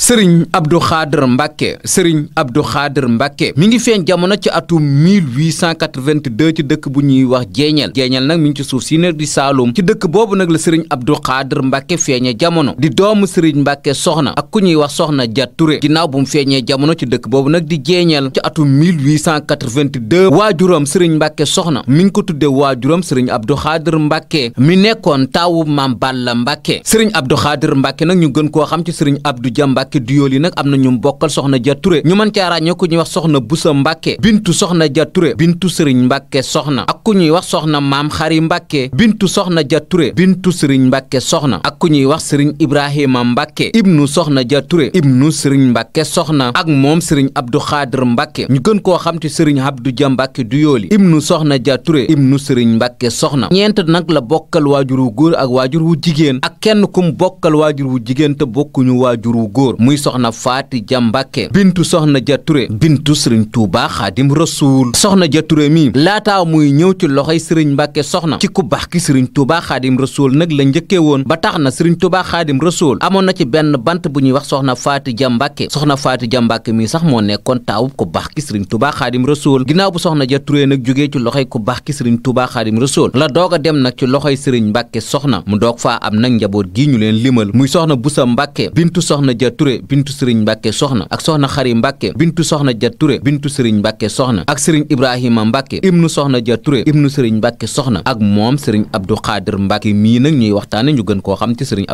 sëriñ Abdou Khader Mbacke sëriñ Abdou Khader Mbacke mi ngi feeñ jamono ci atum 1882 ci dëkk bu ñuy wax jeeñeel jeeñeel nag mi ngi ci suuf si ne di Saalum ci dëkk boobu nag la sëriñ Abdou Khader Mbacke feeñee jamono di doomu sëriñ Mbacke soxna ak ku ñuy wax soxna ja Touré ginnaaw bu mu feeñee jamono ci dëkk boobu nag di jeeñeel ci atum 1882 waajuram sëriñ Mbacke soxna mi ngi ko tuddee waajuram sëriñ Abdou Khader Mbacke mi nekkoon taawu maam Balla Mbacke sëriñ Abdou Khader Mbacke nag ñu gën koo xam ci sëriñ Abdou Dia Mbacke mbàkke duyool yi nag am na ñu bokkal soxna ja Touré ñu mën caa ku ñuy wax soxna busa mbàkke bintu soxna ja Touré bintu sëriñ mbàkke soxna ak ku ñuy wax soxna maam xari mbàkke bintu soxna ja bintu sëriñ mbàkke soxna ak ku ñuy wax sëriñ ibrahima mbàkke ibnu soxna ja Touré ibnu sëriñ mbàkke soxna ak moom sëriñ abdu xaadir mbàkke ñu gën koo xam te sëriñ abdu ja mbàkke duyool yi ibnu soxna ja Touré ibnu sëriñ mbàkke soxna ñeent nag la bokkal waajur wu góor ak waajur wu jigéen ak kenn kum bokkal waajur wu jigéen te bokkuñu waajur wu góor muy soxna faati ja mbàkke bintu soxna ja ture bintu sëriñ tuuba xaadim rasuul soxna ja ture mi laataa muy ñëw ci loxoy sëriñ mbàkke soxna ci ku baax ki sëriñ tuuba xaadim rasuul nag la njëkkee woon ba tax na sëriñ tuuba xaadim rasuul amoon na ci benn bant bu ñuy wax soxna faati ja mbàkke soxna faati ja mbàkke mi sax moo nekkoon taawub ko baax ki sëriñ tuuba xaadim rasuul ginnaaw bu soxna ja ture nag jógee ci loxoy ku baax ki sëriñ tuuba xaadim rasuul la doog a dem nag ci loxoy sëriñ mbàkke soxna mu doog faa am nag njaboot gi ñu leen limal muy soxna busa mbàkke bintu soxna ja Touré bintu Serigne Mbacke soxna ak soxna Xari Mbacke bintu soxna ja Touré bintu Serigne Mbacke soxna ak Serigne Ibrahima Mbacke ibnu soxna ja Touré ibnu Serigne soxna koo xam ci Serigne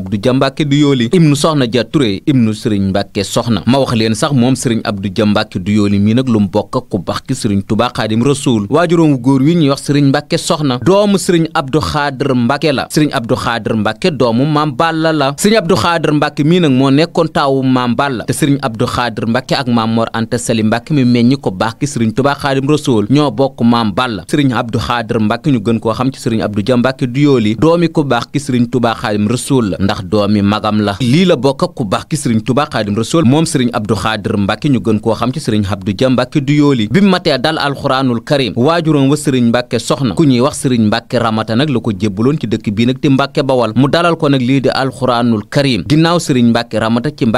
du yooli ibnu soxna ja Touré ibnu Serigne Mbacke ma wax leen sax moom Serigne Abdou Ja Mbacke du yooli mii nag lu mu bokk ak ku bax ki Serigne Touba Xaadim Rasuul waajuróom góor wi ñuy wax Serigne Mbacke soxna doomu Serigne Abdou Khadir Mbacke la Serigne Abdou Khadir Mbacke doomu maam Balla la Serigne Abdou Khadir Mbacke mii nag moo nekkoon taaw taxawu maam Balla te sëriñ Abdou Khadir Mbacke ak maam Mor Anta Sali Mbacke mi meññi ko baax ki sëriñ Touba Khadim ñoo bokk maam Balla sëriñ Abdou Khadir Mbacke ñu gën koo xam ci sëriñ Abdou Dia Mbacke Douyoly doomi ko baax ki sëriñ Touba Khadim la ndax doomi magam la lii la bokk ak ku baax ki sëriñ Touba Khadim Rasoul moom sëriñ Abdou Khadir Mbacke ñu gën koo xam ci sëriñ Abdou Dia Mbacke Douyoly bi mu matee dal alxuraanul karim waajuroom wa sëriñ Mbacke ku ñuy wax sëriñ Mbacke Ramata nag la ko jébbaloon ci dëkk bii nag di Mbacke Bawal mu dalal ko nag lii di alxuraanul karim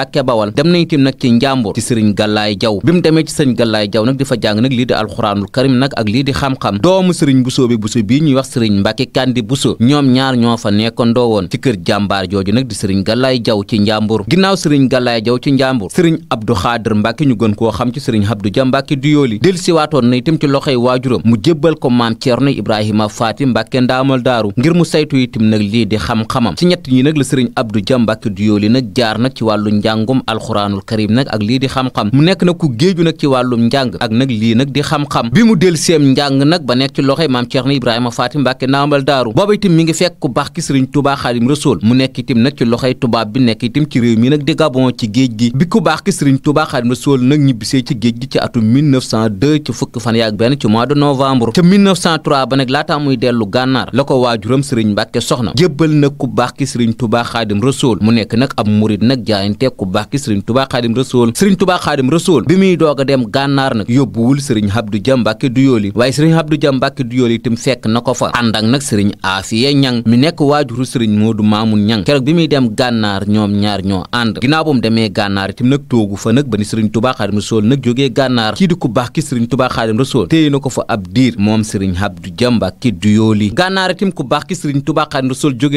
mbàkke bawal dem nañ tim nag ci njàmbur ci sëriñ gàllaay jaw bi mu demee ci sëriñ gàllaay jaw nag di fa jàng nag lii di alxuraanul karim nag ak lii di xam-xam doomu sëriñ buso bi buso bii ñuy wax sëriñ mbàkke kandi buso ñoom ñaar ñoo fa nekkandoo woon ci kër jàmbaar jooju nag di sëriñ gàllaay jaw ci njàmbur ginnaaw sëriñ gàllaay jaw ci njàmbur sëriñ abdu xaadir ñu gën koo xam ci sëriñ abdu ja mbàkke du yooli del siwaatoon na itam ci loxoy waajuram mu jébbal ko maam ceerno ibrahima faati mbàkke ndaamal daaru ngir mu saytu itam nag lii di xam-xamam ci ñett ñi nag la sëriñ abdu ja mbàkke du yooli nag jaar nag ci wàllu njàng njàngum alxuraanul karim nag ak lii di xam-xam mu nekk nag ku nag di xam-xam bi mu del seem njàng nag ba nekk ci loxoy maam Cerno Ibrahima Faati Mbàkke naamal daaru booba itam mi ngi fekk ku baax ki sëriñ Tuubaa Xaadim Rasuul mu nekk itam nag ci loxoy tubaab bi nekk gi bi ku baax ki sëriñ Tuubaa Xaadim Rasuul nag ñibbisee ci géej gi ci atum 1902 ci fukki fan yaak benn ci mois de novembre ca 1903 ba nag laataa muy dellu gànnaar la ko waajuram sëriñ Mbàkke soxna jébbal nag ku baax ki sëriñ Tuubaa Xaadim Rasuul mu nekk nag ab murit nag jaayante baax ki sëriñ Tuubaa Xaadim Rasuul sëriñ Tuubaa Xaadim Rasuul bi muy doog a dem gànnaar nag yóbbuwul sëriñ Abdou Dia Mbàkke Duyooli waaye sëriñ Abdou Dia Mbàkke Duyooli itam fekk na ko fa ànd ak nag sëriñ Aafiya Ñang mi nekk waajuru sëriñ Moodu Maamun Ñang keroog bi muy dem gànnaar ñoom ñaar ñoo ànd ginnaaw bu demee gànnaar nag toogu fa nag ba ni sëriñ Tuubaa Xaadim Rasuul nag jógee gànnaar kii di ko fa ki sëriñ Tuubaa Xaadim Rasuul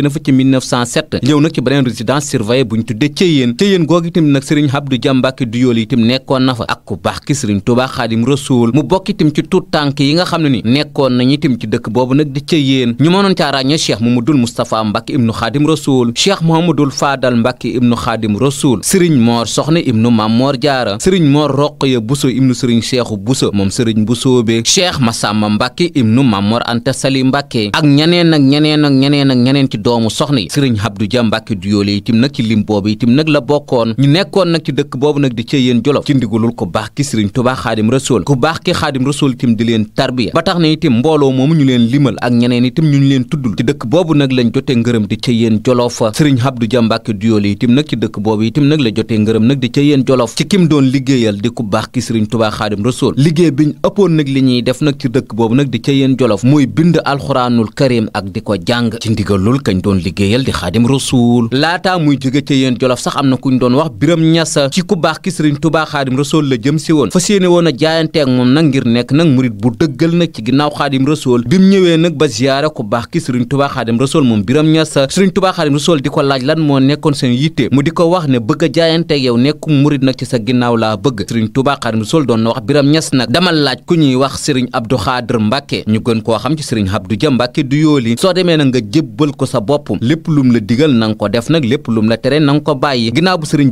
na fa ci 1907 googu itam nag sëriñ Abdou Dia Mbacke Doyool itam nekkoon na fa ak ku baax ki sëriñ Touba Xaadim Rasuul mu bokk itam ci tuut tànk yi nga xam ne ni nekkoon nañu itam ci dëkk boobu nag di ca yéen ñu mënoon caa ràññee Cheikh Mamadul Moustapha Mbacke ibnu Xaadim Rasuul Cheikh Mohamadul Faadal Mbacke ibnu Xaadim Rasuul sëriñ Moor Soxna ibnu Mamor Jaara sëriñ Moor Roqaya Buso ibnu sëriñ Cheikhu Buso moom sëriñ Buso be Cheikh Massamba Mbacke ibnu Mamor Anta Sali Mbacke ak ñeneen ak ñeneen ak ñeneen ak ñeneen ci doomu soxna yi sëriñ Abdou Dia Mbacke Doyool itam nag ci lim boobu itam nag la bokkoon yoon ñu nekkoon nag ci dëkk boobu nag di cee yéen jolof ci ndigalul ku baax ki sëriñ Tuubaa xaadim rasool ku baax ki xaadim rasool itam di leen tarbiya ba tax na itam mbooloo moomu ñu leen limal ak ñeneen itam ñu leen tuddul ci dëkk boobu nag lañ jotee ngërëm di ca yéen jolof sëriñ Abdu Jàmbàkke Duyool itam nag ci dëkk boobu itam nag la jotee ngërëm nag di ca yéen jolof ci kim doon liggéeyal di ku baax ki sëriñ Tuubaa xaadim rasool liggéey biñ wax Biram Ñas ci ku baax ki Sëriñ Tuubaa Xaadim Rasuul la jëm si woon fas yéene woon a jaayante moom nag ngir nekk nag murit bu dëggal nag ci ginnaaw Xaadim Rasuul bi mu ñëwee nag ba ziyaare moom Biram Ñas Sëriñ Tuubaa Xaadim Rasuul di ko laaj lan moo nekkoon seen yitte mu di ko wax ne bëgg a jaayante ak yow nekkum murit nag ci sa ginnaaw laa bëgg Sëriñ Tuubaa Xaadim Rasuul doon na wax Biram Ñas nag dama laaj ku ñuy wax Sëriñ Abdu Xaadir Mbàkke ñu gën koo xam ci Sëriñ Abdu Ja Mbàkke du yooli soo demee nag nga jébbal ko sa bopp lépp lum la digal nanga ko ko bàyyi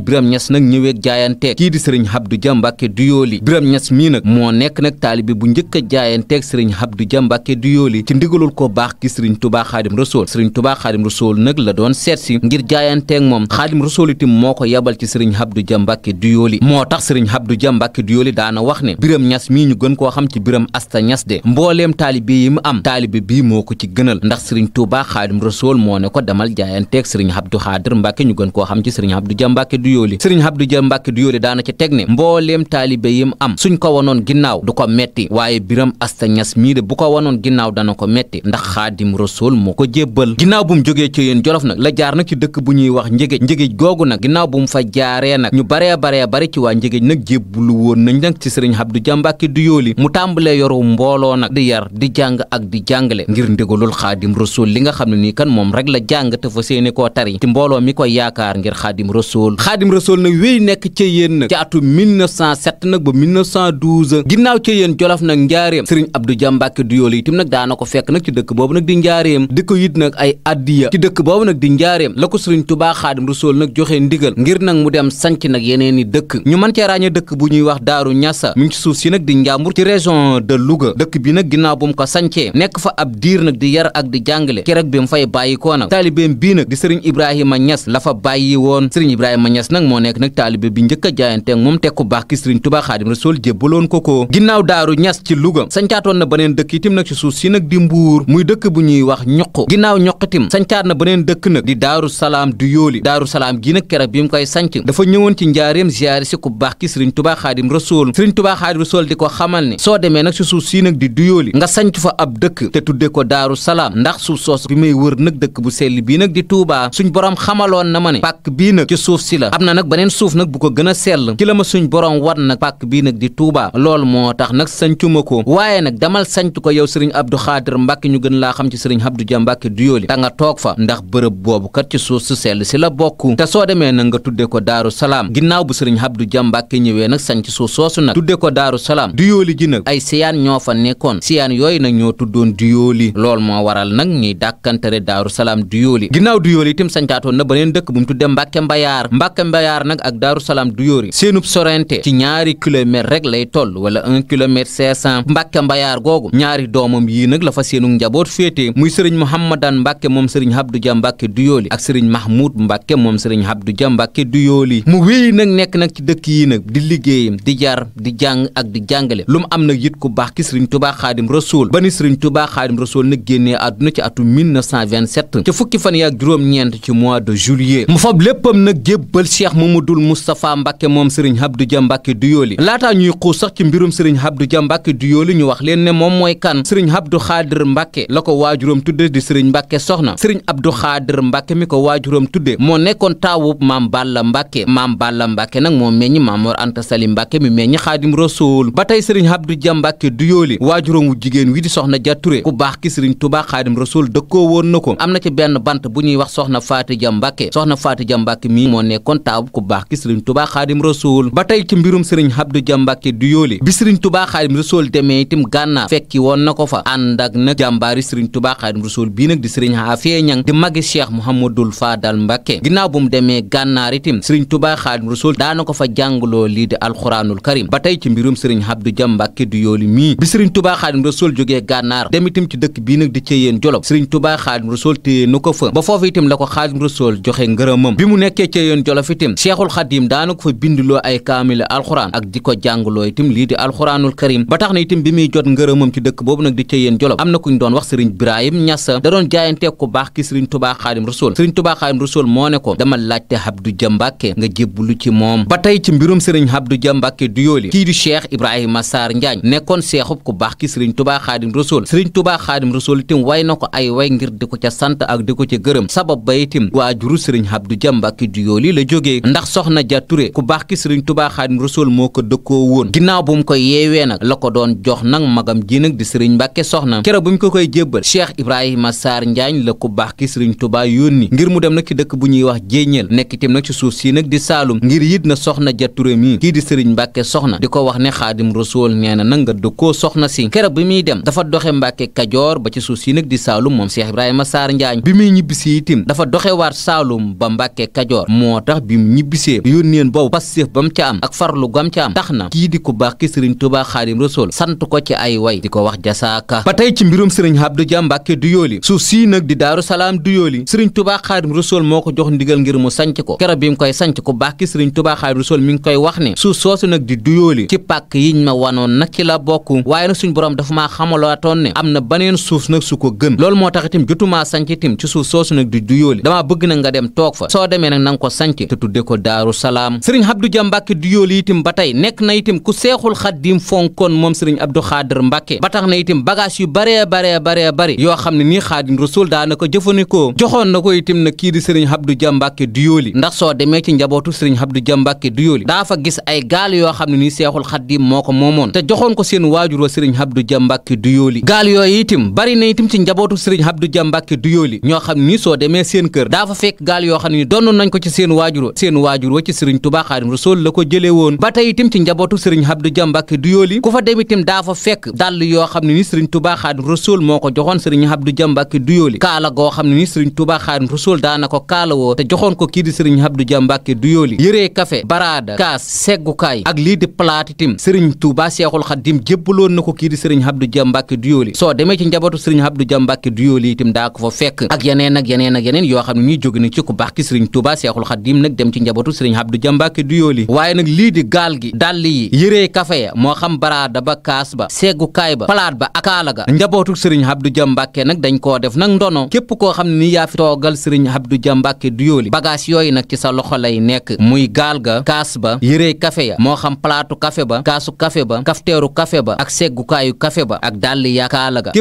sëriñ Biram Ñas nag ñëwee jaayanteeg kii di sëriñ Abdou Dia Mbàkke Duyooli Biram Ñas mii nag moo nekk nag taalibe bu njëkk a jaayanteeg sëriñ Abdou Dia Mbàkke Duyooli ci ndigalul ko baax ki sëriñ Tubaa Xaadim Rasuul sëriñ Tubaa Xaadim Rasuul nag la doon seet si ngir jaayanteeg moom Xaadim Rasuul itam moo ko yabal ci sëriñ Abdou Dia Mbàkke Duyooli moo tax sëriñ Abdou Dia Mbàkke Duyooli daana wax ne Biram Ñas mii ñu gën koo xam ci Biram Asta Ñas de mbooleem taalibe yi mu am taalibe bii moo ko ci gënal ndax sëriñ Tubaa Xaadim Rasuul moo ne ko demal jaayanteeg sëriñ Abdou Xaadir Mbàkke ñu gën koo xam ci sëriñ Abdou du yooli sëriñ Abdou Dia du yooli daana ci teg ne mbooleem taalibe yim am suñ ko wanoon ginnaaw du ko metti waaye biram asta ñas mii de bu ko wanoon ginnaaw dana ko metti ndax xaadim rasool moo ko jébbal ginnaaw bu mu jógee ci yéen jolof nag la jaar nag ci dëkk bu ñuy wax njëgéej njëgéej googu nag ginnaaw bu mu fa jaaree nag ñu bare baree bare ci waa njëgéej nag jébbulu woon nañ nag ci sëriñ du ja Mbàkke du yooli mu tàmbalee yoru mbooloo nag di yar di jàng ak di jàngale ngir ndigalul xaadim rasool li nga xam ne nii kan moom rek la jàng te fa séene koo tari mbooloo mi koy yaakaar xaadim rasool nag wéy nekk ca yéen nag ci atu 1907 nag ba ginnaaw ca jolof nag njaareem sëriñ Abdou Dia Mbàkke du yoolu nag daana ko fekk nag ci dëkk boobu nag di njaareem di ko yit nag ay addiya ci dëkk boobu nag di njaareem la ko sëriñ Tubaa xaadim rasool nag joxe ndigal ngir nag mu dem sanc nag yeneen dëkk ñu mën cee dëkk bu ñuy wax daaru ñasa mu ngi ci suuf si nag di njàmbur ci région de Louga dëkk bi nag ginnaaw bu mu ko sancee nekk fa ab diir nag di yar ak di jàngale keroog bi mu fay bàyyi koo nag di sëriñ Ibrahima Ñas la fa bàyyi Niass nag moo nekk nag taalibe bi njëkk a jaayante ak moom teg ko baax ki Serigne Touba Xaadim Rasul jébbaloon ko ko ginnaaw Daaru Niass ci Louga sancaatoon na beneen dëkk itam nag ci suuf si nag di Mbuur muy dëkk bu ñuy wax ñoq ginnaaw ñoq itam sancaat na beneen dëkk nag di Daaru Salaam du Yooli Daaru Salaam gi nag keroog bi mu koy sanc dafa ñëwoon ci njaareem ziyaare si ku baax ki Serigne Touba Xaadim Rasul Serigne Touba Xaadim Rasul di ko xamal ne soo demee nag ci suuf si nag di Duyooli nga sanc fa ab dëkk ko Daaru Salaam ndax suuf soosu bi may wër nag dëkk bu sell bii nag di Touba suñ borom xamaloon na ma ne pàkk bii nag ci si la am na nag beneen suuf nag bu ko gën a sell ci la ma suñ borom wat nag pàkk bii nag di Touba loolu moo tax nag sancu ma ko waaye nag damal sanc ko yow sëriñ Abdou Khadir Mbacke ñu gën laa xam ci sëriñ Abdou Dia Mbacke Douyoly ta nga toog fa ndax bërëb boobu kat ci suuf su sell si la bokk te soo demee nag nga tudde ko Daaru Salaam ginnaaw bu sëriñ Abdou Dia Mbacke ñëwee nag sanc suuf soosu nag tudde ko Daaru Salaam Douyoly ji nag ay siyaan ñoo fa nekkoon siyaan yooyu nag ñoo tuddoon Douyoly loolu moo waral nag ñuy dàkkantere Daaru Salaam Douyoly ginnaaw Mbàkke Mbayaar nag ak Daaru Salaam du yóori seenub sorente ci ñaari kilomètre rek lay toll wala un kilomètre cent Mbàkke Mbayaar googu ñaari doomam yii nag la fa seenu njaboot féete muy sëriñ Mouhamadane Mbàkke moom sëriñ Abdou Dia Mbàkke du yóoli ak sëriñ Mahmoud Mbàkke moom sëriñ Abdou Dia Mbàkke du yóoli mu wéy nag nekk nag ci dëkk yi nag di liggéeyam di jar di jàng ak di jàngale lu mu am nag yit ku baax ki sëriñ Tuubaa Xaadim Rasuul ba ni sëriñ Tuubaa Xaadim Rasuul nag génnee àdduna ci atum 1927 ci fukki fan yaak juróom-ñeent ci mois de juillet mu fab léppam nag jébbal cheikh mamadul moustapha mbàkke moom sëriñ Abdou Dia Mbàkke Doyoly laataa ñuy xuus sax ci mbirum sëriñ Abdou Dia Mbàkke Doyoly ñu wax leen ne moom mooy kan sëriñ Abdou Xaadir Mbàkke la ko waajuram tudde di sëriñ Mbàkke soxna sëriñ Abdou Xaadir mbakke mi ko waajuram tudde moo nekkoon taawub maam Balla Mbàkke maam Balla Mbàkke nag moo meññi maam Mor Anta Sali Mbàkke mi meññi Xaadim Rasuul ba tey sëriñ Abdou Dia Mbàkke Doyoly waajuram wu jigéen wi di soxna Ja Ture ku baax ki sëriñ Tuubaa Xaadim Rasuul dëkkoo woon na ko am na benn bant bu ñuy wax soxna Faati Ja Mbàkke soxna Faati Ja Mbàkke taawub ku baax ki sëriñ tubaa xaadim rasuul ba tey ci mbirum sëriñ Abdou Dia du yooli bi sëriñ tubaa xaadim rasuul demee itam gànnaar fekki woon na ko fa ànd ak nag jàmbaari sëriñ tubaa xaadim rasuul bii nag di sëriñ Afee Ñang di magi cheikh Mouhamadul Fadal Mbàkke ginnaaw bu mu demee gànnaar itam sëriñ tubaa xaadim rasuul daana ko fa jàngloo lii di alxuraanul karim ba tey ci mbirum sëriñ Abdou Dia Mbàkke du yooli mii bi sëriñ tubaa xaadim di ceyeen jolof sëriñ tubaa xaadim rasuul téye na ko fa ba foofu itam la ko xaadim rasuul joxe foofu itam cheikhul xadim daana ko fa bindiloo ay kaamile alxuraan ak di ko jàngloo itam lii di alxuraanul karim ba tax na itam bi muy jot ngërëmam ci dëkk boobu nag di cëyeen jolof am na kuñ doon wax sëriñ Ibrahim Ñas da doon jaayantee ku baax ki sëriñ tubaa xaadim rasul sëriñ tubaa xaadim rasul moo ba tey ci mbirum sëriñ Abdou Dia Mbàkke du yooli kii di cheikh Ibrahima Sarr Njaañ nekkoon seexub ku baax ki sëriñ tubaa xaadim rasul sëriñ tubaa xaadim rasul itam way na ko ay way ngir di ko ca sant ak ba itam waajuru sëriñ Abdou Dia Mbàkke du yooli la jóge jógee ndax soxna ja Touré ku baax ki sëriñ Tuubaa Xaadim Rasuul moo ko dëkkoo woon ginnaaw bu mu ko yeewee nag la ko doon jox nag magam ji nag di sëriñ Mbàkke soxna kero bu ñu ko koy jébbal Cheikh Ibrahima Sarr Njaañ la ku baax ki sëriñ Tuubaa yónni ngir mu dem nag ci bu ñuy wax jéeñeel nekk itam nag ci suuf si nag di Saalum ngir yit na soxna ja Touré mi kii di sëriñ Mbàkke soxna di ko wax ne Xaadim Rasuul nee na nag nga dëkkoo soxna si kero bi muy dem dafa doxe Mbàkke Kajoor ba ci suuf si nag di Saalum moom Cheikh Ibrahima Sarr Njaañ bi muy ñibbisi itim dafa doxewaat Saalum ba Mbàkke Kajoor moo tax Touba bi mu ñibbisee boobu Pastef ba mu ca am ak farlu gam ca am tax na kii di ku baax ki sëriñ Touba Xaadim Rasuul sant ko ci ay way di ko wax jasaaka ba tey ci mbirum sëriñ Abdou Dia Mbàkke du yooli suuf sii nag di Daaru Salaam du yooli Xaadim Rasuul moo ko jox ndigal ngir mu sanc ko kero bi koy sanc ku baax ki sëriñ Touba Xaadim Rasuul mi ngi koy wax ne suuf soosu nag di du ci pàkk yiñ ma wanoon nag ci la bokk waaye nag suñ borom dafa maa xamaloatoon ne am na baneen suuf nag su ko gën loolu moo tax itam jotumaa sanc itam ci suuf soosu nag di na nga te tudde ko daaru salaam sëriñ Abdou Dia Mbàkke Doyoly itam ba tey nekk na itam ku seexul xaddim fonkoon moom sëriñ Abdou Xaadir Mbàkke ba tax na itam bagage yu baree baree baree bari yoo xam ne nii xaadim rasul daana ko jëfandikoo joxoon na ko itam na kii di sëriñ Abdou Dia Mbàkke Doyoly ndax soo demee ci njabootu sëriñ Abdou Dia Mbàkke Doyoly daa fa gis ay gaal yoo xam ne nii seexul xaddim moo ko moomoon te joxoon ko seen waajur wa sëriñ Abdou Dia Mbàkke Doyoly gaal yooyu itam bari na itam ci njabootu sëriñ Abdou Dia Mbàkke Doyoly ñoo xam ne nii soo demee seen kër daa fekk gaal yoo xam ne ni donn nañ ko ci seen waajur waajur wa seen waajur wa ci sëriñ Tuubaa Xaadim Rasuul la ko jëlee woon ba tey itam ci njabootu sëriñ Abdou Dia Mbàkke Duyooli ku fa dem itam daa fa fekk dàll yoo xam ne ni sëriñ Tuubaa Xaadim Rasuul moo ko joxoon sëriñ Abdou Dia Mbàkke Duyooli kaala goo xam ne ni sëriñ Tuubaa Xaadim Rasuul daana ko kaala woo te joxoon ko kii di sëriñ Abdou Dia Mbàkke Duyooli yëree kafe baraada kaas seggukaay ak lii di palaat itam sëriñ Tuubaa Seexul Xaadim jébbaloon na ko kii di sëriñ Abdou Dia Mbàkke Duyooli soo demee ci njabootu sëriñ Abdou Dia Mbàkke Duyooli itam daa ko fa fekk ak yeneen ak yeneen yoo xam ne ni jóge na ci nag dem ci njabootu sëriñ Abdou Dia Mbacke Doyoly waaye nag lii di gaal gi dàll yi yëree kafe ya moo xam ba kaas ba seggukaay ba palaat ba akaala ga njabootu sëriñ Abdou Dia Mbacke nag dañ koo def nag ndono képp koo xam ne ni yaa fi toogal sëriñ Abdou Dia Mbacke Doyoly bagage yooyu nag ci sa loxo lay nekk muy gaal ga kaas ba yëree kafe moo xam palaatu kafe ba kaasu kafe ba kafteeru kafe ba ak seggukaayu kafe ba ak dàll ya kaala ga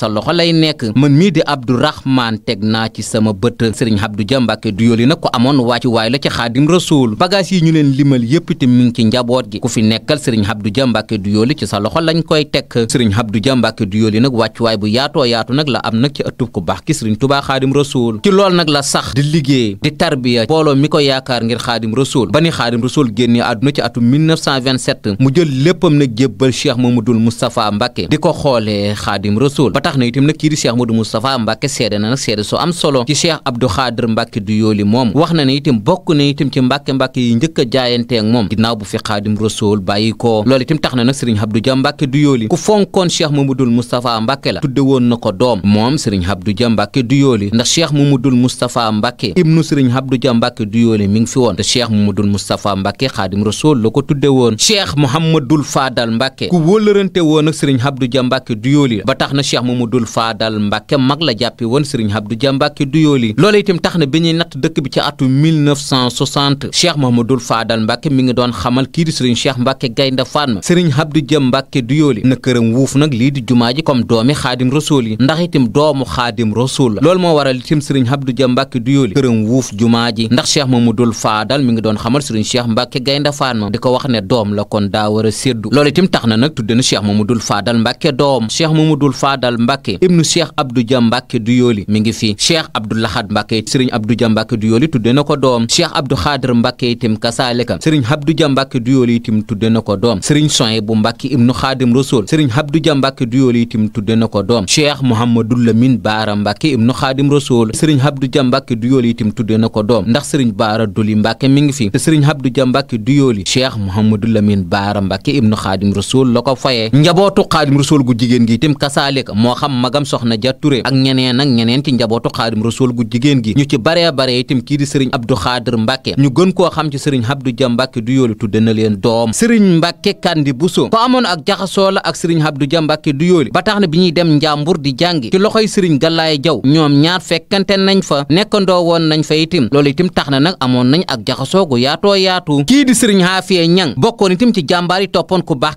sa loxo lay nekk man mii di Abdourahmane teg naa ci sama bët bët Serigne Abdou Dia Mbacke Doyoly nag ko amoon waa ci waay la ci xaadim rasul bagage yi ñu leen limal yëpp te mi ngi ci njaboot gi ku fi nekkal Serigne Abdou Dia Mbacke Doyoly ci sa loxo lañ koy tekk Serigne Abdou Dia Mbacke Doyoly nag wàccuwaay bu yaatoo yaatu nag la am nag ci ëttub ku baax ki Serigne Touba xaadim rasul ci lool nag la sax di liggéey di tarbiya booloo mi ko yaakaar ngir xaadim rasul ba ni xaadim rasul génnee àdduna ci atum 1927 mu jël léppam nag jébbal Cheikh Mamadou di ko xoolee xaadim rasul ba tax na itam nag kii di Cheikh Cheikh Abdou Khadir Mbacke du moom wax na ne itam bokk na itam ci mbàkke-mbàkke yi njëkk a jaayanteeg moom ginnaaw bu fi Xaadim Rasuul bàyyi ko loolu itam tax na nag Serigne Abdou Dia Mbacke du yooli ku fonkoon Cheikh Mamadul Moustapha Mbacke la tudde woon na ko doom moom Serigne Abdou Dia Mbacke du yooli ndax Cheikh Mamadul Moustapha Mbacke ibnu Serigne Abdou Dia Mbacke du yooli mi ngi fi woon te Cheikh Mamadul Moustapha Mbacke Xaadim Rasuul la ko tudde woon Cheikh Mouhamadul Fadal Mbacke ku wóolërante woon ak Serigne Abdou Dia Mbacke du yooli ba tax na Cheikh Mamadul Fadal Mbacke mag la jàppe woon Serigne Abdou Dia Mbacke du yooli yi loola itam tax na bi ñuy natt dëkk bi ci atu 1960 Cheikh Mahamadul Faadal Mbàkke mi ngi doon xamal kii di sëriñ Cheikh Mbàkke Gaynde Fatma sëriñ Abdou Jëm Mbàkke Duyooli na këram wuuf nag lii di jumaa ji comme doomi xaadim rasool yi ndax itam doomu xaadim rasool la loolu moo waral itam sëriñ Abdou Jëm Mbàkke Duyooli këram wuuf jumaa ji ndax Cheikh Mahamadul Faadal mi ngi doon xamal sëriñ Cheikh Mbàkke Gaynde Fatma di ko wax ne doom la kon daa war a séddu loolu tax na nag tudd na Cheikh Mahamadul Faadal Mbàkke doom Cheikh Mahamadul Faadal Mbàkke ibnu Cheikh Abdou Jëm Mbàkke Duyooli mi ngi fi Ahad Mbàkke sëriñ Abdou Dia Mbàkke du yooli tudde na ko doom Cheikh Abdou Xaadir Mbàkke itam kasaalika sëriñ Abdou Dia Mbàkke du yooli itam tudde na ko doom sëriñ Soye bu Mbàkke ibnu Xaadim Rasul sëriñ Abdou Dia Mbàkke du yooli itam tudde na ko doom Cheikh Mouhamadul Lamine Baara Mbàkke ibnu Xaadim Rasul sëriñ Abdou Dia Mbàkke du yooli itam tudde na ko doom ndax sëriñ Baara Duli Mbàkke mi ngi fi te sëriñ Abdou Dia Mbàkke du yooli Cheikh Mouhamadul Lamine Baara Mbàkke ibnu Xaadim Rasul la ko fayee njabootu Xaadim Rasul gu jigéen gi itam kasaalika moo xam magam soxna ja Ture ak ñeneen ak ñeneen ci njabootu Xaadim Rasul gu jigéen gi ñu ci baree bare itam kii di sëriñ Abdou Xaadir Mbàkke ñu gën koo xam ci sëriñ Abdou Dia Mbàkke du yoolu tudde na leen doom sëriñ Mbàkke Kandi Buso ko amoon ak jaxasoo la ak sëriñ Abdou Dia Mbàkke du yooli ba tax na bi ñuy dem Njàmbur di jàngi ci loxoy sëriñ Gàllaay Jaw ñoom ñaar fekkante nañ fa nekkandoo woon nañ fa itim loolu itim tax na nag amoon nañ ak jaxasoo gu yaatoo yaatu kii di sëriñ Xaafiye Ñang bokkoon itim ci jàmbaar yi toppoon ku baax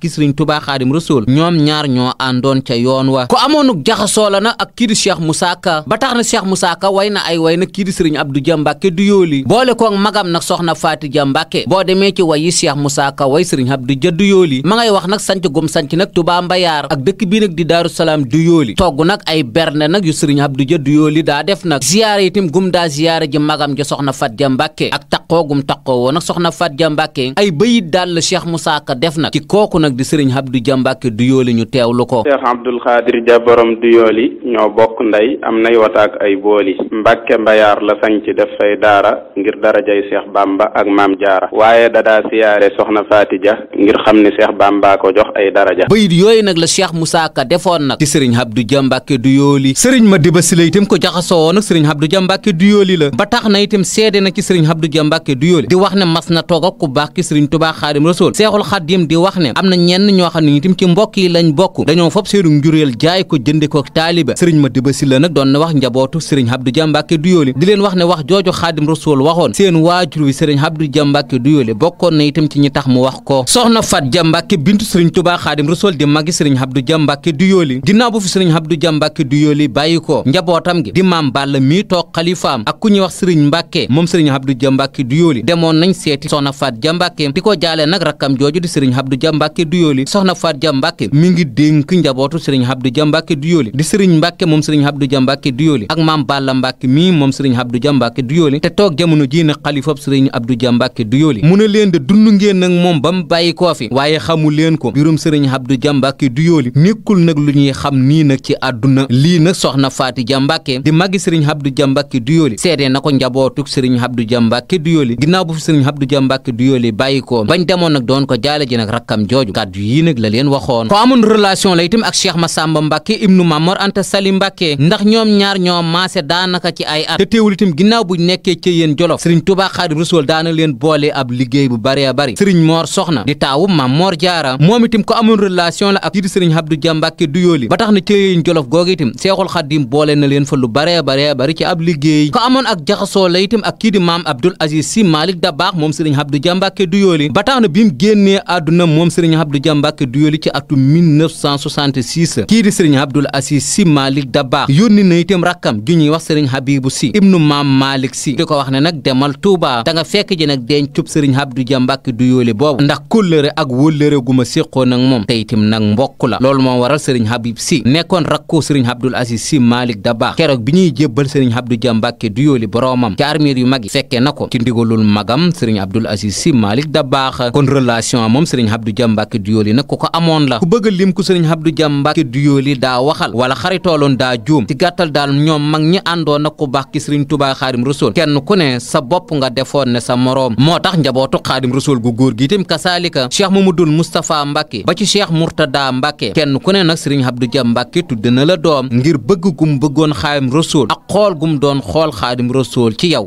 ki ki sëriñ tubaa xaadim rasul ñoom ñaar ñoo àndoon ca yoon wa ko amoonuk jaxasoo la na ak kii di cheikh Moussa Ka ba tax na cheikh Moussa Ka way na ay way na kii di sëriñ Abdou Dia Mbàkke du yooli boole koog magam nag soxna Faati Dia Mbàkke boo demee ci wayi cheikh Moussa Ka way sëriñ Abdou Dia du yooli ma ngay wax nag sanc gum sanc nag tubaa mbayaar ak dëkk bii nag di daaru salaam du yooli togg nag ay berne nag yu sëriñ Abdou Dia du yooli daa def nag ziyaare itam gum daa ziyaare ji magam ja soxna Faat Dia Mbàkke ak taqoo gum taqoo woon nag soxna Faat Dia Mbàkke ay bëyit daal la cheikh Moussa Ka def nag di sëriñ Abdou Dia Mbacke Douyoly ñu teewlu ko. Cheikh Abdoul Khadir Dia borom Douyoly ñoo bokk ndey am nay wataak ay booli Mbacke Mbayaar la sañ ci def fay daara ngir darajay Cheikh ba ak maam Jaara waaye dadaa siyaare soxna Faati Dia ngir xam ni ne baam Bamba ko jox ay dara ja bayit yooyu nag la Cheikh Moussa Ka defoon nag ci sëriñ Abdou Dia Mbacke Douyoly sëriñ Madiba Sylla itam ko jaxasoo woon ak sëriñ Abdou Dia Mbacke Douyoly la ba tax na itam seede na ci sëriñ Abdou Dia Mbacke Douyoly di wax ne mas na toog ak ku baax ki sëriñ Touba Xaadim Rasul Seexul Xaadim di wax ne am na ñenn ñoo xam ne itam ci mbokk yi lañ bokk dañoo fop seenu njuréel jaay ko jënde ko taaliba sëriñ Madiba Sylla nag doon na wax njabootu sëriñ Abdou Dia Mbacke Douyoly di leen wax ne wax jooju Xaadim Rasul waxoon sëriñ Abdou Dia Mbacke Douyoly bokkoon na itam ko soxna Fat Dia Mbacke bintu sëriñ Touba Xaadim Rasul di magi sëriñ Abdou Dia Mbacke Douyoly ginnaaw bu fi sëriñ Abdou Dia Mbacke Douyoly bàyyi ko njabootam gi di Balla mii toog xalifaam ak ku ñuy wax sëriñ Mbacke moom sëriñ Abdou Dia Mbacke Douyoly demoon nañ seeti soxna Fat Dia Mbacke di ko jaale nag rakkam jooju di sëriñ Abdou Dioly soxna Faat Ja Mbàkke mi ngi dénk njabootu sëriñ Abdou Ja Mbàkke Dioly di sëriñ Mbàkke moom sëriñ Abdou Ja Mbàkke Dioly te toog jamono ji xalifab sëriñ Abdou Ja Mbàkke Dioly mu leen de dund ngeen moom ba mu bàyyi koo fi waaye xamu leen ko mbirum sëriñ Abdou Ja Mbàkke Dioly nekkul nag lu ñuy xam nii nag ci àdduna lii nag soxna Faati Ja Mbàkke di magi sëriñ Abdou Ja Mbàkke Dioly seede na ko njabootuk sëriñ Abdou Ja Mbàkke Dioly ginnaaw bu fi sëriñ Abdou Ja Mbàkke Dioly bàyyi ko bañ demoon nag kàddu yii nag la leen waxoon ko amoon relation la itam ak Cheikh Massamba Mbacke ibnu Mamor Anta Sali Mbacke ndax ñoom ñaar ñoo maase daanaka ci ay at te teewul itam ginnaaw bu nekkee ci yéen Jolof Serigne Touba Xaadim Rasul daana leen boole ab liggéey bu bare bari Serigne Mor Soxna di taawu Mam Mor Jaara moom itam ko amoon relation la ak jii di Serigne Abdou Dia Mbacke Duyooli ba tax na ci yéen Jolof googu itam Seexul Xaadim boole na leen fa lu bare bare ba tax na bi mu génnee àdduna moom Serigne Abdou Abdou Dia Mbacke duyoli ci atum 1966 kii di sëriñ Abdoul Aziz Sy Malick Dabakh yónni na itam rakkam ju ñuy wax sëriñ Habibou Sy ibnu maam Malick Sy di ko wax na nag demal Touba da nga fekk ji nag sëriñ Abdou Dia Mbacke boobu ndax kóllëre ak wóllëre gu ma séqoon ak moom te itam nag mbokk la loolu moo waral sëriñ Habib Sy nekkoon rakkoo sëriñ Abdoul Aziz Sy Malick Dabakh keroog bi ñuy jébbal sëriñ Abdou Dia Mbacke duyoli boroomam ci armir yu mag yi fekkee na ko ci Duyooli nag ku ko amoon la ku bëgg a lim ku sëriñ Abdou Diam Mbàkke Duyooli daa waxal wala xaritooloon daa juum ci gàttal daal ñoom mag ñi àndoon na ku baax ki sëriñ Tuubaa Xaadim Rasuul kenn ku ne sa bopp nga defoon ne sa moroom moo tax njabootu Xaadim Rasuul gu góor gi itam kasaalika Cheikh Mamadul Moustapha Mbàkke ba ci Cheikh Mourtada Mbàkke kenn ku ne nag sëriñ Abdou Diam Mbàkke tudd na la doom ngir bëgg gum bëggoon Xaadim Rasuul ak xool gum doon xool Xaadim Rasuul ci yow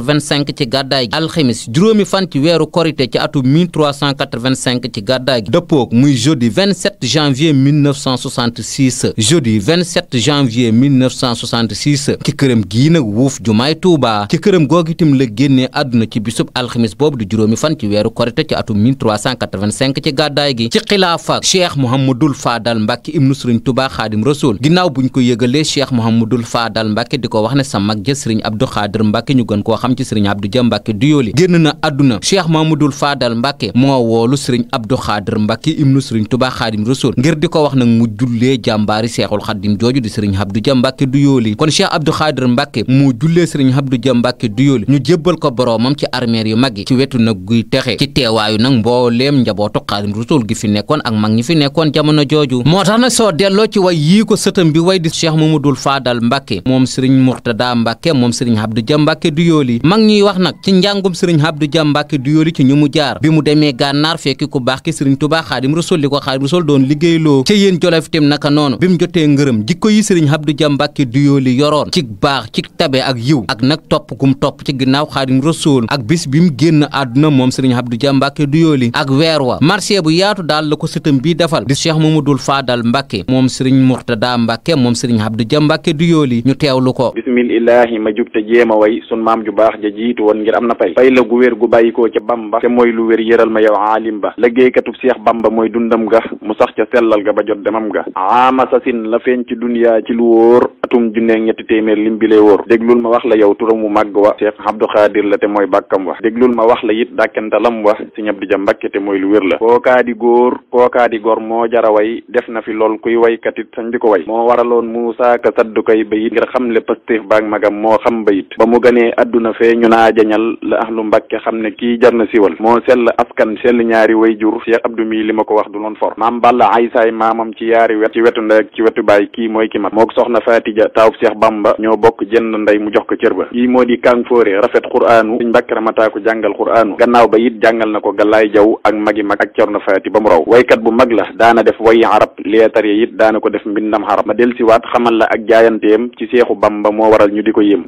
1385 ci gàddaay gi alxemis juróomi fan ci weeru korite ci atu 1385 ci gàddaay gi dëppook muy jeudi 27 janvier 1966 jeudi 27 janvier 1966 ci këram gii nag wuuf jumaay Touba ci këram googu itam la génnee àdduna ci bisub alxemis boobu di juróomi fan ci weeru korite ci atu 1385 ci gàddaay gi ci xilaafa cheikh Mouhamadul Fadal Mbacke ibnu Sëriñ Touba Xaadim Rasul ginnaaw buñ ko yëgalee cheikh Mouhamadul Fadal Mbacke di ko wax ne sa mag ja Sëriñ Abdou Xaadir Mbacke ñu gën koo xam ci sëriñ Abdou Dia Mbacke Doyoly génn na àdduna Cheikh Mamadou Fadal Mbacke moo woolu sëriñ Abdou Khader Mbacke ibnu sëriñ Touba Khadim Rasoul di ko wax nag mu jullee jàmbaari Cheikhul Khadim jooju di sëriñ Abdou Dia Mbacke Doyoly kon Cheikh Abdou Khader Mbacke mu jullee sëriñ Abdou Dia Mbacke Doyoly ñu jébbal ko boroomam ci armeer yu mag yi ci wetu nag guy texe ci teewaayu nag mbooleem njabootu Khadim Rasoul gi fi nekkoon ak mag ñi fi nekkoon jamono jooju moo tax nag soo delloo ci way yii ko sëtam bi way di Cheikh Mamadou Fadal Mbacke moom sëriñ Mourtada Mbacke moom sëriñ Abdou mag ñuy wax nag ci njàngum sëriñ xab du jàmbake du yooli ci ñu mu jaar bi mu demee gànnaar fekki ko baax ki sëriñ Touba Xaadim Rasul li ko Xaadim Rasul doon liggéeyloo ca yéen Jolof tim naka noonu bi mu jotee ngërëm jikko yi sëriñ Abdou Dia Mbacke du yooli yoroon ci baax ci tabe ak yiw ak nag topp gum topp ci ginnaaw Xaadim Rasul ak bis bi mu génn àdduna moom sëriñ Abdou Dia jàmbake du yooli ak weer wa marché bu yaatu daal la ko sëtam bii defal di Cheikh Mamadou Fadal Mbacke moom sëriñ Mourtada Mbacke moom sëriñ Abdou Dia Mbacke du yooli ñu teewlu ko bismillahi ma jub te jéema way sun maam ju baax ja jiitu woon ngir am na pay pay la gu wér gu bàyyikoo ca bamba te mooy lu wér yëral ma yow aalim ba liggéeykatub seex bamba mooy dundam ga mu sax ca sellal ga ba jot demam ga aamasasin la feeñ ci duniyaa ci lu wóor atum junneeg ñetti téeméer lim bi lay wóor déglul ma wax la yow turam mu màgg wa seex abdu xaadir la te mooy bàkkam wa déglul ma wax la it dàkkentalam wa sëñ abdu ja mbàkke te mooy lu wér la kookaa di góor kookaa di gor moo jara way def na fi lool kuy waykatit sañ di ko way moo waraloon muusaa ka saddu koy bayit ngir xam le pastéef baag magam moo xam bayit ba mu ganee àdduna foofee ñu naa jañal la ahlu mbàkke xam ne kii jar na siwal moo sell askan sell ñaari way jur Cheikh Abdou mii li ma ko wax du loon for maam Balla Aysaay maamam ci yaari wet ci wetu ndey ak ci wetu baay kii mooy ki mag mook soxna Fatija taawub Cheikh Bamba ñoo bokk jënd ndey mu jox ko cër ba kii moo di kàng fóore rafet xuraanu suñ mbàkke ramataa ko jàngal xuraanu gannaaw ba it jàngal na ko galaay jaw ak magi mag ak cerno faati ba mu way kat bu mag la daana def wayi arab leetar yi it daana ko de mbindam arab ma del siwaat xamal la ak jaayanteem ci seexu bamba moo waral ñu di ko yéem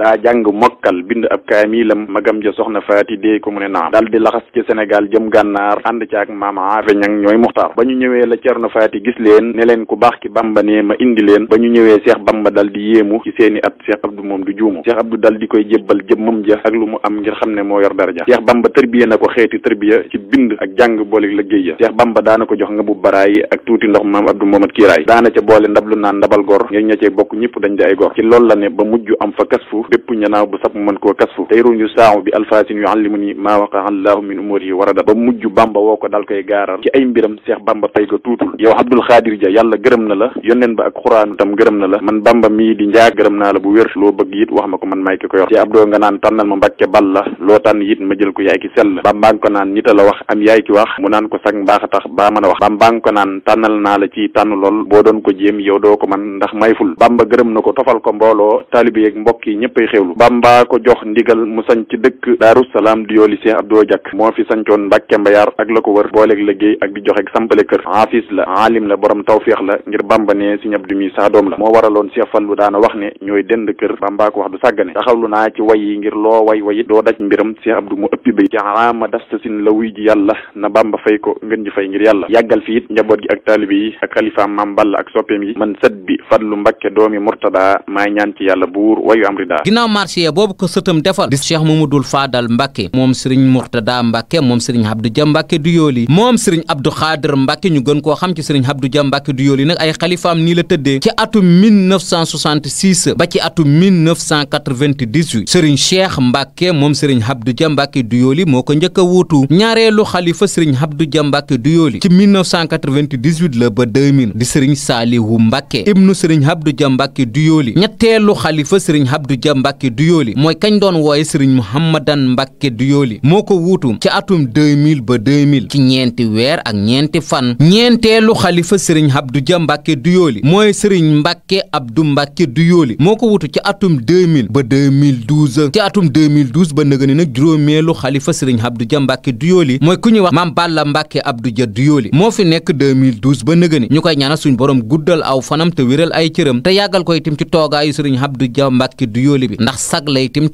Ibrahima yi la magam ja soxna faati dee ko mu ne naam dal di laxas ci Sénégal jëm gànnaar ànd ci ak maam ba ñu ñëwee la Cerno faati gis leen ne leen ba ñu ñëwee Seex Bamba dal di yéemu ci seeni at Seex Abdu moom du juumu Seex Abdu dal di ja ak lu mu am ngir xam ne moo yor daraja Seex Bamba tërbiya na ko xeeti tërbiya ci bind ak jàng boole liggéey ya Seex Bamba daana ko jox nga bu baraay ak tuuti ndox maam Abdu Momat kiiraay daana ca boole ndab lu naan ndabal gor ngir ña cey bokk ñëpp dañ di ay gor ci loolu la ne ba mujj am fa kasfu bépp ñanaaw bu sab mën koo kasfu tayru ñu saahu bi alfatin yuallimuni maa waqa allahu min umurihi warada ba mujj bamba woo ko dal koy gaaral ci ay mbiram seex bamba pay ko tuutul yow abdul xaadir ja gërëm na la yónneen ba ak xuraanu tam gërëm na la man bamba mii di njaag gërëm naa la bu wér loo bëgg it wax ma ko man may ki ko yor ci abdoo nga naan tànnal ma mbàkke bal la loo tànn ma jël ko yaay ki sell bambaa nga ko naan nita la wax am yaay ki wax mu naan ko sag mbaax tax baa mën a wax bambaa nga ko naan tànnal naa la ci tànn lool boo doon ko jéem yow doo ko man ndax mayful bamba gërëm na ko tofal ko mbooloo taalibe yeeg mbokk yi ñëppay xewlu bamba ko jox ndigal Fall mu sañ ci dëkk Daaru Salaam di yooli Cheikh Abdou Diack moo fi sañcoon Mbàkke Mbayaar ak la ko wër booleeg liggéey ak di joxeeg sampale kër haafis la aalim la borom tawféex la ngir Bamba ne Sëriñ Abdou mi la moo waraloon Cheikh Fallu daana wax ne ñooy dend kër Bamba wax du sàggane taxawlu naa ci way ngir loo way wayit doo daj mbiram Cheikh Abdou mu ëppi bay jaama dasta sin la wuy ji yàlla na Bamba fay ko ngeen ji fay ngir yàlla yàggal fi it njaboot gi ak taalibe yi ak xalifaam Maam Balla ak soppeem yi man sët bi Fallu Mbàkke doomi Murtada maa ñaan ci yàlla buur wayu amrida ginnaaw marché boobu ko sëtam di cheikh mamadul faadal mbàkke moom sëriñ murtada mbàkke moom sëriñ abdu ja mbàkke du yooli moom sëriñ abdu xaadir mbàkke ñu gën koo xam ci sëriñ abdu ja mbàkke du yooli nag ay xalifaam nii la tëddee ci atum 1966 ba ci atum 1998 sëriñ cheikh mbàkke moom sëriñ abdu ja mbàkke du yooli moo ko njëkk a wuutu ñaareelu xalifa sëriñ abdu ja mbàkke du yooli ci 1998 la ba 2000 di sëriñ saalihu mbàkke ibnu sëriñ abdu ja mbàkke du yooli ñetteelu xalifa sëriñ abdu mbàkke du yooli mooy kañ doon wooye sëriñ Mouhamadan Mbacke Douyoly moo ko wuutu ci atum 2000 ba 2000 ci ñeenti weer ak ñeenti fan ñeenteelu xalifa sëriñ Abdou Dia Mbacke Douyoly mooy sëriñ Mbacke Abdou Mbacke Douyoly moo ko wuutu ci atum 2000 ba 2012 ci atum 2012 ba nëgëni nag juróomeelu xalifa sëriñ Abdou Dia Mbacke Douyoly mooy ku ñuy wax Mame Balla Mbacke Abdou Dia Douyoly moo fi nekk 2012 ba nëgëni ñu koy ñaanal suñ borom guddal aw fanam te wéral ay cëram te yàggal ko itam ci toogaayu sëriñ Abdou Dia Mbacke Douyoly bi ndax sag la itam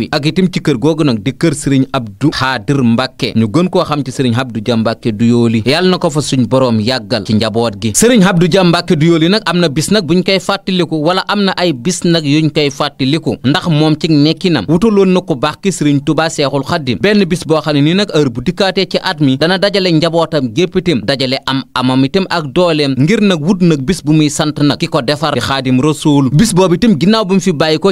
wi ak itam ci kër googu nag di kër sëriñ Abdou Xaadir Mbàkke ñu gën koo xam ci sëriñ Abdou Dia Mbàkke du yooli yàlla na ko fa suñ boroom yàggal ci njaboot gi sëriñ Abdou Dia Mbàkke du yooli nag am na bis nag bu ñu koy fàttaliku wala am na ay bis nag yuñ koy fàttaliku ndax moom ci nekkinam wutaloon na ko baax ki sëriñ Tuubaa Seexul Xaddim benn bis boo xam ne nii nag heure bu dikkaatee ci at mi dana dajale njabootam gépp itam dajale am amam ak dooleem ngir nag wut nag bu muy sant nag ki ko defar di Xaadim Rasuul bis boobu itam ginnaaw bu mu fi bàyyi ko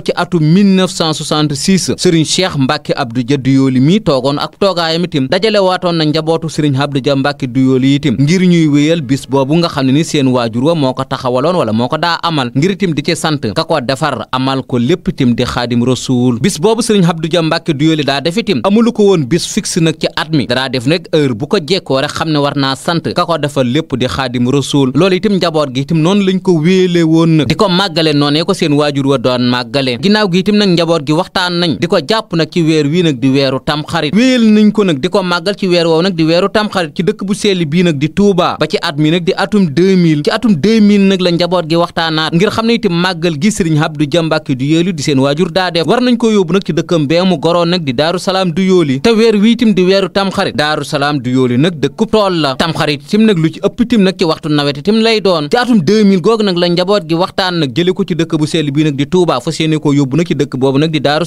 sëriñ cheikh mbàkke abdou dia duyooli mi toogoon ak toogaayam itam dajale waatoon na njabootu sëriñ abdou dia mbàkke duyooli ngir ñuy wéyal bis boobu nga xam ni seen waajur wa moo ko taxawaloon wala moo ko daa amal ngir itam di ci sant ka ko defar amal ko lépp itam di xaadim rasuul bis boobu sëriñ abdou dia mbàkke duyooli daa def itam amulu ko woon bis fixe nag ci at mi danaa def nag heure bu ko jekkoo xam ne war naa sant ka ko defal lépp di xaadim rasuul loolu itam njaboot gi itam noonu lañ ko wéele woon nag di ko màggale noonee ko seen waajur wa doon màggale ginnaaw gi itam di ko jàpp nag ci weer wii nag di weeru tamxarit wéyal nañ ko nag di ko màggal ci dëkk bu selli bii nag di Touba ba ci at mi nag di atum 2000 ci atum 2000 nag la njaboot gi waxtaanaat ngir xam ne itam màggal gi Serigne Abdou Dia Mbacké du yéelu di seen waajur daa def war nañ ko yóbbu nag ci dëkkam bee mu goroon nag di Daaru Salaam du yóoli te weer wii itam di weeru tamxarit Daaru Salaam du yóoli nag dëkku tool la tamxarit itam nag lu ci ëpp itam nag ci waxtu nawet itam lay doon ci atum 2000 googu nag la njaboot gi waxtaan nag jële ko ci dëkk bu selli bii nag di Touba fas yéene ko yóbbu nag ci dëkk boobu nag di Daaru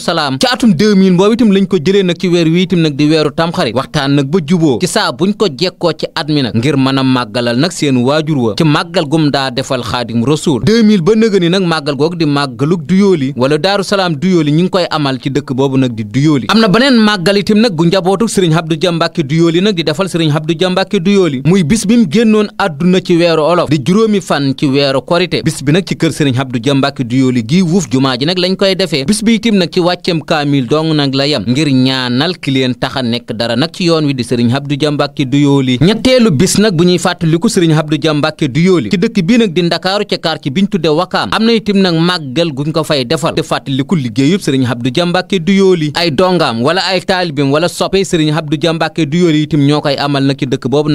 atum 2000 boobu itam lañ ko jëlee nag ci weer wi itam nag di weeru tamxarit waxtaan nag ba juboo ci saa buñ ko jekkoo ci at mi nag ngir mën a màggalal nag seen waajur wa ci màggal gum daa defal xaadim rasul 2000 ba nëgëni nag màggal googu di màggalug duyooli wala daaru salaam duyooli ñu ngi koy amal ci dëkk boobu nag di duyooli am na beneen màggal itam nag gu njabootu sëriñ Abdou Jambàkke duyooli nag di defal sëriñ Abdou Jambàkke duyooli muy bis bi mu génnoon àdduna ci weeru olof di juróomi fan ci weeru korite bis bi nag ci kër së Abdou Jambàkke duyooli gii wuuf jumaa ji nag lañ koy defee bis nag ci wàcceem kaa 500000 dong nag la yem ngir ñaanal ki leen tax a nekk dara nag ci yoon wi di sëriñ Abdou Dia Mbacke Douyoly ñetteelu bis nag bu ñuy fàttaliku sëriñ Abdou Dia Mbacke Douyoly ci dëkk bii nag di Ndakaaru ca quartier bi ñu na itam nag màggal guñ ko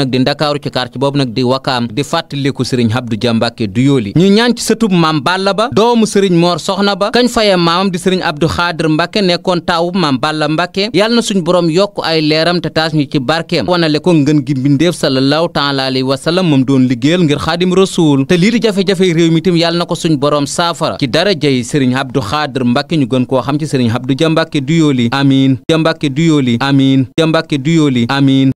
di Ndakaaru di Wakaam di fàttaliku sëriñ Abdou Dia Mbacke Douyoly ñu ñaan ci sëtub maam Balla ba doomu sëriñ Mor Soxna ba kañ faye maamam di sëriñ Abdou Khadir Mbacke nekkoon taawub maam Balla Mbàkke yàlla na suñ borom yokk ay leeram te taas ñu ci barkeem wanale ko ngën gi mbindéef sallallahu taala alayhi wa sallam moom doon liggéeyal ngir xaadim rasul te lii di jafe-jafe réew mi tam yàlla na ko suñ borom saafara ci darajay sëriñ Abdou Xaadir Mbàkke ñu gën koo xam ci sëriñ Abdou Jambàkke Duyooli amiin Jambàkke Duyooli amiin Jambàkke Duyooli amiin